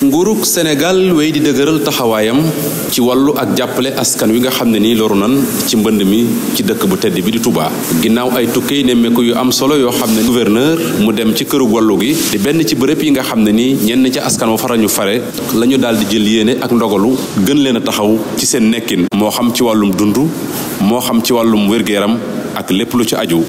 nguurug senegal wéy di dëgëral taxawaayam ci wàllu ak jàppale askan wi nga xam ne nii loru nan ci mbënd mi ci dëkk bu tedd bi di tubaa ginnaaw ay tukkey nemmeeku yu am solo yoo xam ne gouverneur mu dem ci këru wàllu gi di benn ci bërëb yi nga xam ne nii ñenn ca askan wa farañu fare lañu ñu daal di jël yéene ak ndogalu gën leen taxaw ci seen nekkin moo xam ci wàllum dund moo xam ci wàllum wér ak lépp lu ci aju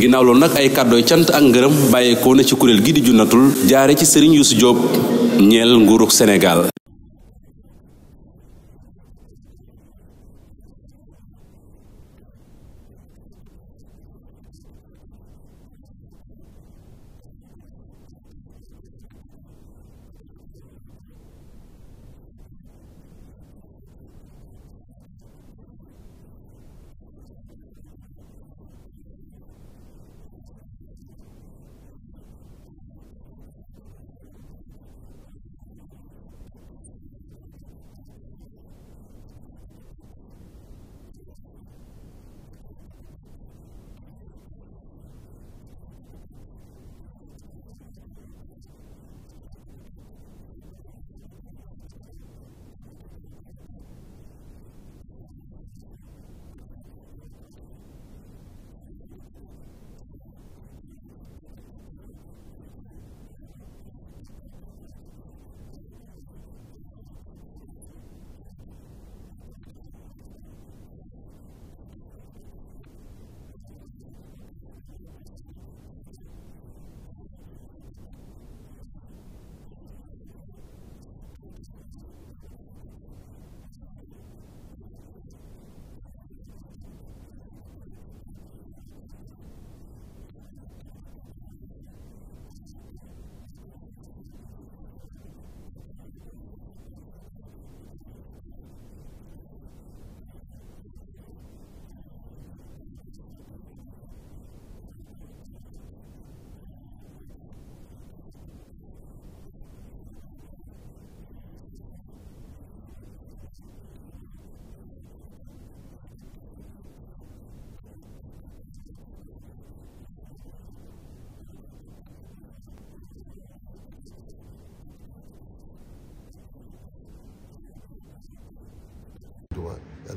ginnaaw loolu nag ay kàddooy cant ak ngërëm bàyyeekoo na ci kuréel gi di junatul jaare ci sëriñ Youssou Diop ñeel nguuruk Sénégal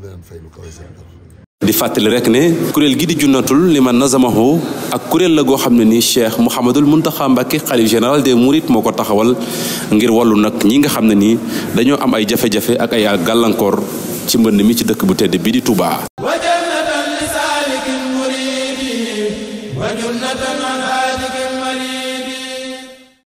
leen lu kawe di fàttali rek ne kuréel gi di junnatul li na nazamahu ak kuréel la goo xam ne nii cheikh mouhamadul muntaxa mbàkke xalif général de murit moo ko taxawal ngir wàllu nag ñi nga xam ne nii dañoo am ay jafe-jafe ak ay gàllankoor ci mbënd mi ci dëkk bu tedd bi di Touba.